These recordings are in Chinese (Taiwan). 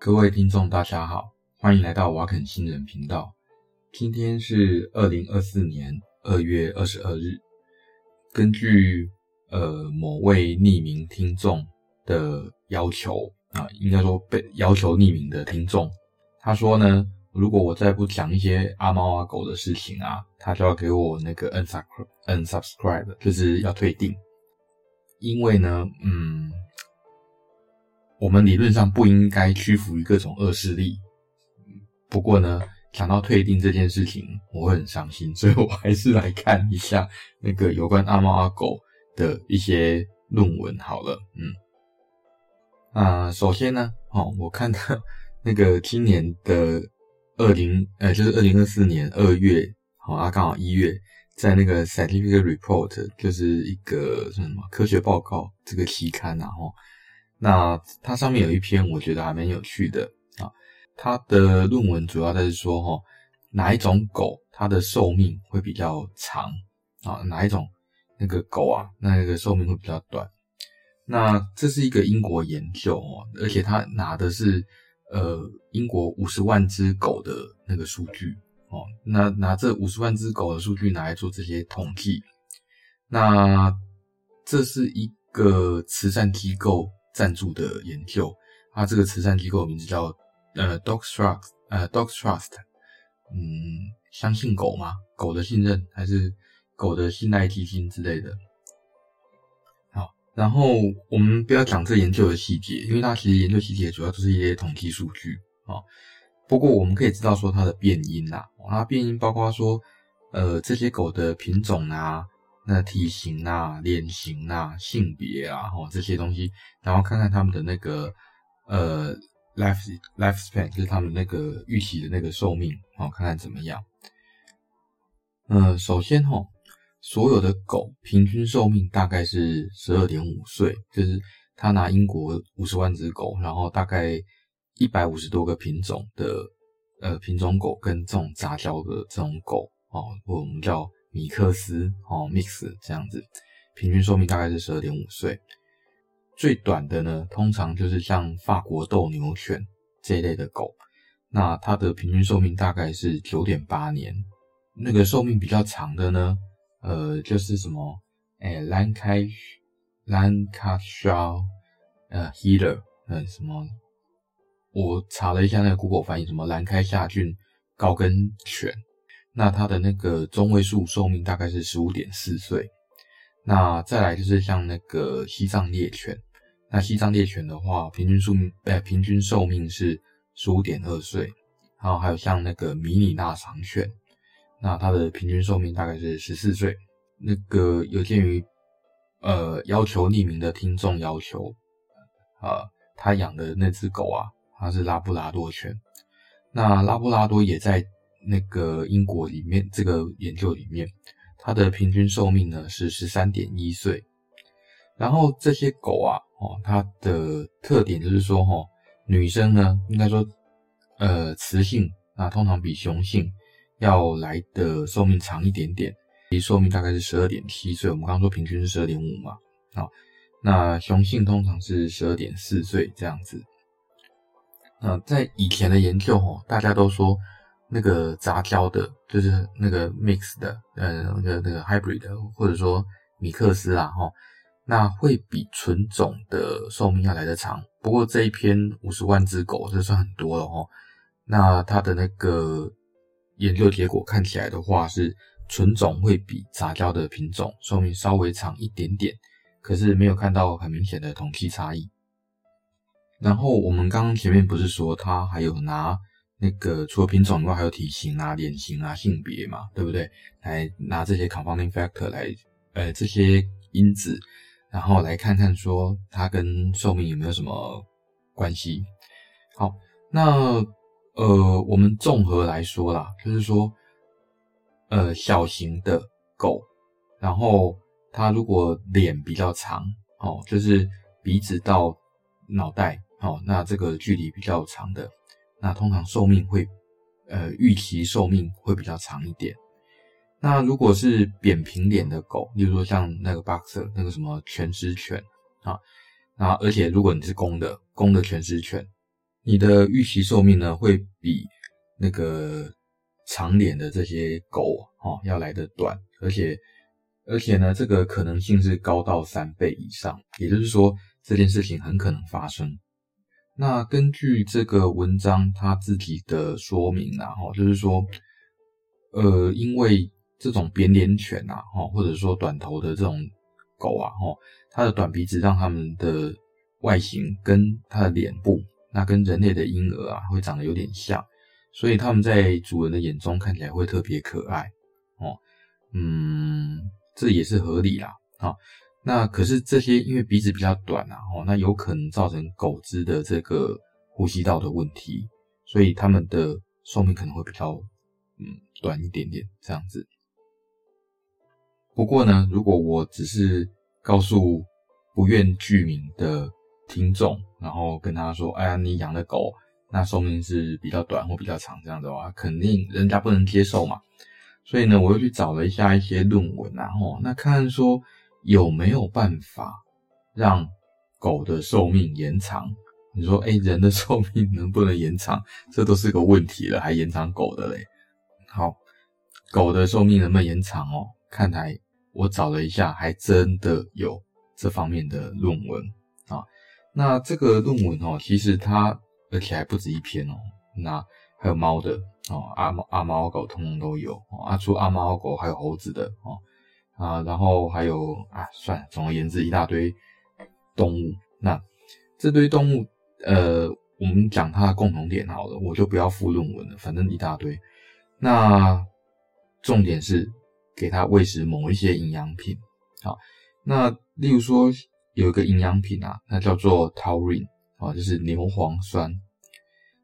各位聽眾，大家好，歡迎來到瓦肯新人頻道。今天是二零二四年二月二十二日。根據呃某位匿名聽眾的要求啊，呃，應該說被要求匿名的聽眾，他說呢，如果我再不講一些阿貓阿狗的事情啊，他就要給我那個 un, unsubscribe，就是要退訂。因為呢，嗯。我們理論上不應該屈服於各種惡勢力。不過呢，講到退訂這件事情，我會很傷心，所以我還是來看一下那個有關阿貓阿狗的一些論文好了。嗯，啊，首先呢，哦，我看到那個今年的二零，呃，就是二零二四年二月，剛好啊，剛好一月，在那個《Scientific Report》，就是一個是什麼科學報告這個期刊，然後。那它上面有一篇，我覺得還蠻有趣的啊。它的論文主要在說，哈，哪一種狗它的壽命會比較長啊？哪一種那個狗啊，那個壽命會比較短？那這是一個英國研究哦，而且它拿的是呃英國五十萬隻狗的那個數據哦。那拿這五十萬隻狗的數據拿來做這些統計。那這是一個慈善機構贊助的研究，啊，這個慈善機構的名字叫呃，Dog Trust，呃，Dog Trust，嗯，相信狗嗎？狗的信任還是狗的信賴基金之類的。好，然後我們不要講這研究的細節，因為它其實研究細節的主要就是一些統計數據啊。不過我們可以知道說它的變因吶、啊，那變因包括說呃這些狗的品種啊。的體型啊、臉型啊、性別啊，吼這些東西，然後看看他們的那個呃 life lifespan，就是他們那個預期的那個壽命，哦，看看怎麼樣。嗯、呃，首先吼，所有的狗平均壽命大概是十二點五歲，就是他拿英國五十萬隻狗，然後大概一百五十多個品種的呃品種狗跟這種雜交的這種狗，哦，我們叫。米克斯哦，mix，這樣子，平均壽命大概是十二點五歲。最短的呢，通常就是像法國鬥牛犬這一類的狗，那它的平均壽命大概是九點八年。那個壽命比較長的呢，呃，就是什麼，哎、欸，蘭開蘭卡肖，呃，heeler，呃，什麼？我查了一下那個 Google 翻譯，什麼蘭開夏郡高跟犬。那它的那個中位數壽命大概是十五點四歲。那再來就是像那個西藏獵犬，那西藏獵犬的話，平均壽命呃平均壽命是十五點二歲。然後還有像那個迷你臘腸犬，那它的平均壽命大概是十四歲。那個有鑑於呃要求匿名的聽眾要求啊，呃，他養的那只狗啊，它是拉布拉多犬。那拉布拉多也在。那個英國裡面這個研究裡面，它的平均壽命呢是十三點一歲。然後這些狗啊，哦，它的特點就是說，哈，女生呢應該說，呃，雌性那、啊、通常比雄性要來的壽命長一點點，其壽命大概是十二點七歲，我們剛剛說平均是十二點五嘛，啊，那雄性通常是十二點四歲這樣子。那在以前的研究哦，大家都說。那個雜交的，就是那個 mix 的，呃，那個那個 hybrid，或者說米克斯啊，哈，那會比純種的壽命要來得長。不過這一篇五十萬隻狗，這算很多了哦。那它的那個研究結果看起來的話，是純種會比雜交的品種壽命稍微長一點點，可是沒有看到很明顯的統計差異。然後我們剛剛前面不是說，它還有拿。那個除了品種以外，還有體型啊、臉型啊、性別嘛，對不對？來拿這些 confounding factor 來，呃，這些因子，然後來看看說它跟壽命有沒有什麼關係。好，那呃，我們綜合來說啦，就是說，呃，小型的狗，然後它如果臉比較長，哦，就是鼻子到腦袋，哦，那這個距離比較長的。那通常壽命會，呃，預期壽命會比較長一點。那如果是扁平臉的狗，例如說像那個 boxer 那個什麼拳師犬啊，那而且如果你是公的，公的拳師犬，你的預期壽命呢會比那個長臉的這些狗啊要來得短，而且而且呢，這個可能性是高到三倍以上，也就是說這件事情很可能發生。那根據這個文章他自己的說明，啊，哈就是說，呃，因為這種扁臉犬啊，哈，或者說短頭的這種狗啊，哈，它的短鼻子讓它們的外形跟它的臉部，那跟人類的嬰兒啊，會長得有點像，所以它們在主人的眼中看起來會特別可愛，哦，嗯，這也是合理啦，啊。那可是這些，因為鼻子比較短、啊，然後那有可能造成狗子的這個呼吸道的問題，所以它們的壽命可能會比較嗯，短一點點這樣子。不過呢，如果我只是告訴不願具名的聽眾，然後跟他說：“哎呀，你養的狗那壽命是比較短或比較長這樣子的話，肯定人家不能接受嘛。”所以呢，我又去找了一下一些論文、啊，然後那看看說。有沒有辦法讓狗的壽命延長？你說，欸，人的壽命能不能延長？這都是個問題了，還延長狗的嘞？好，狗的壽命能不能延長？哦，看來我找了一下，還真的有這方面的論文啊。那這個論文哦，其實它而且還不止一篇哦。那還有貓的哦，阿貓阿貓狗通通都有啊。阿豬阿貓狗，還有猴子的哦。啊，然後還有啊，算了，總而言之，一大堆動物。那這堆動物，呃，我們講它的共同點好了，我就不要附論文了，反正一大堆。那重點是給它餵食某一些營養品。好，那例如說有一個營養品啊，那叫做 taurine 啊，就是牛磺酸。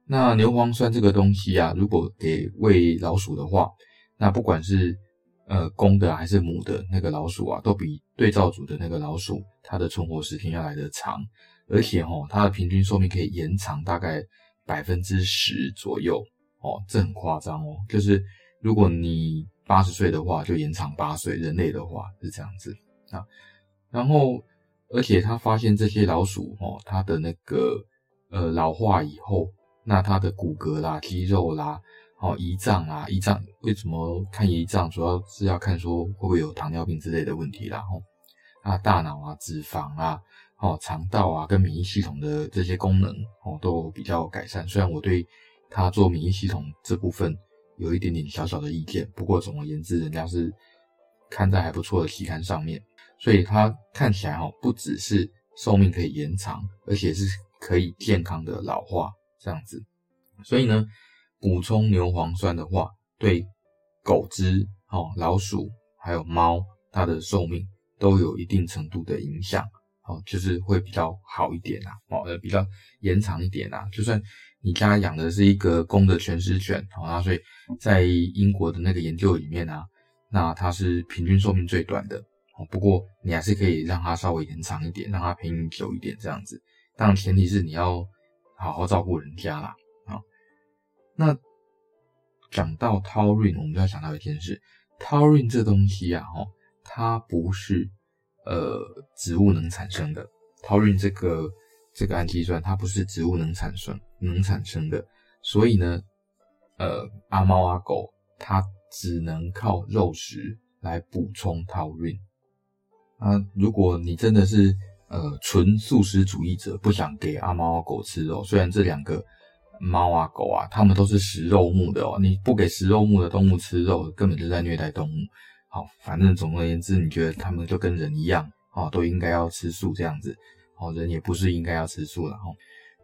那牛磺酸這個東西啊，如果給餵老鼠的話，那不管是呃，公的、啊、還是母的那個老鼠啊，都比對照組的那個老鼠，它的存活時間要來得長，而且吼，它的平均壽命可以延長大概百分之十左右哦，這很誇張哦，就是如果你八十歲的話，就延長八歲，人類的話是這樣子啊。然後，而且他發現這些老鼠哦，它的那個呃老化以後，那它的骨骼啦、肌肉啦。哦，胰臟啊，胰臟為什麼看胰臟？主要是要看說會不會有糖尿病之類的問題啦。吼、哦，他大腦啊、脂肪啊、哦、腸道啊跟免疫系統的這些功能，哦，都比較改善。雖然我對他做免疫系統這部分有一點點小小的意見，不過總而言之，人家是看在還不錯的期刊上面，所以它看起來哦，不只是壽命可以延長，而且是可以健康的老化這樣子。所以呢，補充牛磺酸的話，對狗隻哦老鼠還有貓，它的壽命都有一定程度的影響，哦就是會比較好一點啊，哦、呃、比較延長一點啊。就算你家養的是一個公的全獅犬，哦、啊、所以，在英國的那個研究裡面啊，那它是平均壽命最短的，哦不過你還是可以讓它稍微延長一點，讓它陪你久一點這樣子，但前提是你要好好照顧人家啦。那講到 taurine，我們就要想到一件事：taurine 這東西呀，哈，它不是呃植物能產生的。taurine 這個這個氨基酸，它不是植物能產生能產生的，所以呢，呃，阿貓阿狗它只能靠肉食來補充 taurine。啊、呃，如果你真的是呃純素食主義者，不想給阿貓阿狗吃肉，雖然這兩個。貓啊狗啊，它們都是食肉目的哦。你不給食肉目的動物吃肉，根本就在虐待動物。好、哦，反正總而言之，你覺得它們就跟人一樣哦，都應該要吃素這樣子哦。人也不是應該要吃素了哦。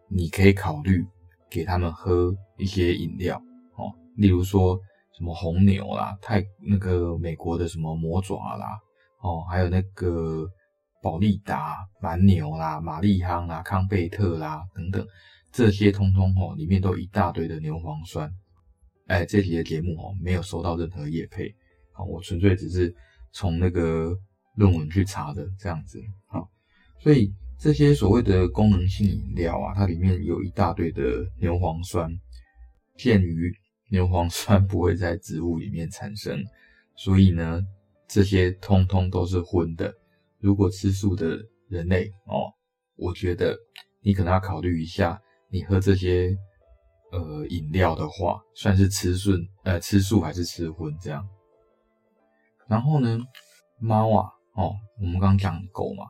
你可以考慮給他們喝一些飲料哦，例如說什麼紅牛啦、泰那個美國的什麼魔爪啦、哦，還有那個保力達、蠻牛啦、馬力夯啦、康貝特啦等等。這些通通哦、喔，裡面都有一大堆的牛磺酸，哎、欸，這集的節目哦、喔，沒有收到任何業配，好，我純粹只是從那個論文去查的這樣子，好，所以這些所謂的功能性飲料啊，它裡面有一大堆的牛磺酸，鑑於牛磺酸不會在植物裡面產生，所以呢，這些通通都是葷的，如果吃素的人類哦、喔，我覺得你可能要考慮一下。你喝這些呃飲料的話，算是吃素呃，吃素還是吃葷這樣？然後呢，貓啊哦，我們剛剛講狗嘛，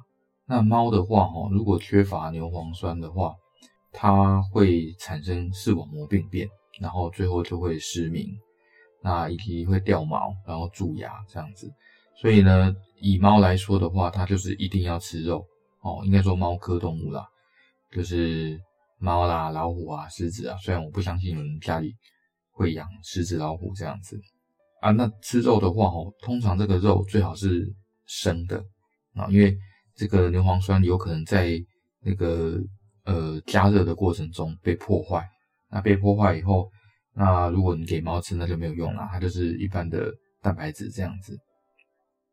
那貓的話哦，如果缺乏牛磺酸的話，它會產生視網膜病變，然後最後就會失明，那以及會掉毛，然後蛀牙這樣子。所以呢，以貓來說的話，它就是一定要吃肉哦，應該說貓科動物啦，就是。貓啦、啊、老虎啊、獅子啊，雖然我不相信有人家裡會養獅子、老虎這樣子啊，那吃肉的話哦，通常這個肉最好是生的啊，因為這個牛磺酸有可能在那個呃加熱的過程中被破壞，那被破壞以後，那如果你給貓吃，那就沒有用了，它就是一般的蛋白質這樣子。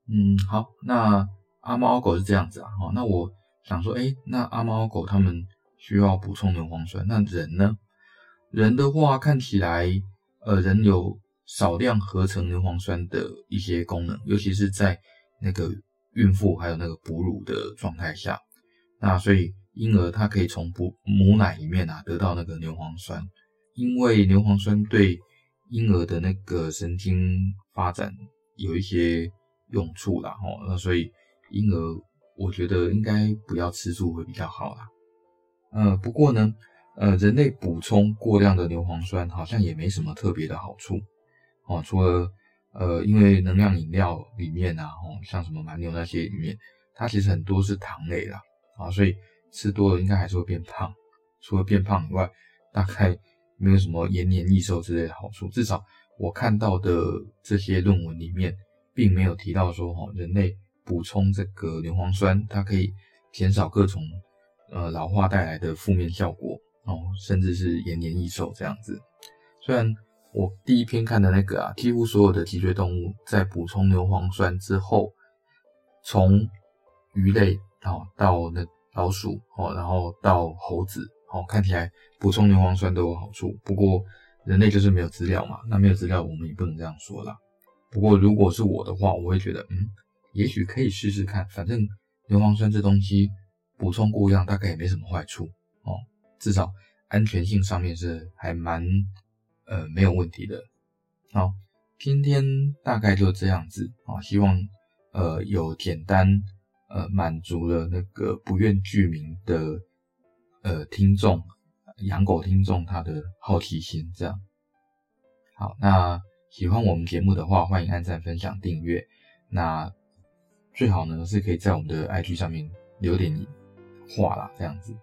嗯，好，那阿、啊、貓阿狗是這樣子啊，好、啊，那我想說，哎、欸，那阿、啊、貓阿狗他們、嗯。需要補充牛磺酸，那人呢？人的話看起來，呃，人有少量合成牛磺酸的一些功能，尤其是在那個孕婦還有那個哺乳的狀態下，那所以嬰兒他可以從母母奶裡面啊得到那個牛磺酸，因為牛磺酸對嬰兒的那個神經發展有一些用處啦，吼，那所以嬰兒我覺得應該不要吃醋會比較好啦。呃，不過呢，呃，人類補充過量的硫磺酸好像也沒什麼特別的好處，哦，除了，呃，因為能量飲料裡面啊，哦，像什麼蠻牛那些裡面，它其實很多是糖類啦，啊，所以吃多了應該還是會變胖。除了變胖以外，大概沒有什麼延年益壽之類的好處。至少我看到的這些論文裡面，並沒有提到說，哦，人類補充這個硫磺酸，它可以減少各種。呃，老化帶來的負面效果，哦，甚至是延年益壽這樣子。雖然我第一篇看的那個啊，幾乎所有的脊椎動物在補充牛磺酸之後，從魚類哦到那老鼠哦，然後到猴子哦，看起來補充牛磺酸都有好處。不過人類就是沒有資料嘛，那沒有資料我們也不能這樣說啦。不過如果是我的話，我會覺得嗯，也許可以試試看，反正牛磺酸這東西。補充過量大概也沒什麼壞處哦，至少安全性上面是還蠻呃沒有問題的。好，今天大概就這樣子啊，希望呃有簡單呃滿足了那個不願具名的呃聽眾養狗聽眾他的好奇心這樣。好，那喜歡我們節目的話，歡迎按讚、分享、訂閱。那最好呢是可以在我們的 IG 上面留點。畫了這樣子，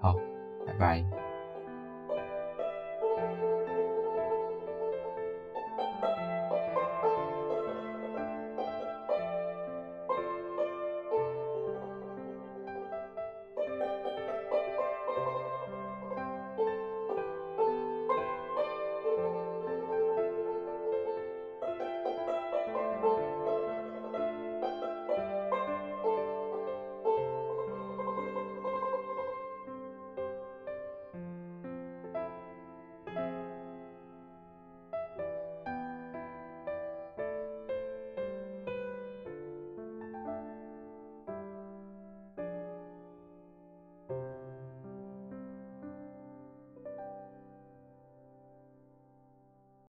好，拜拜。